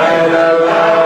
i la la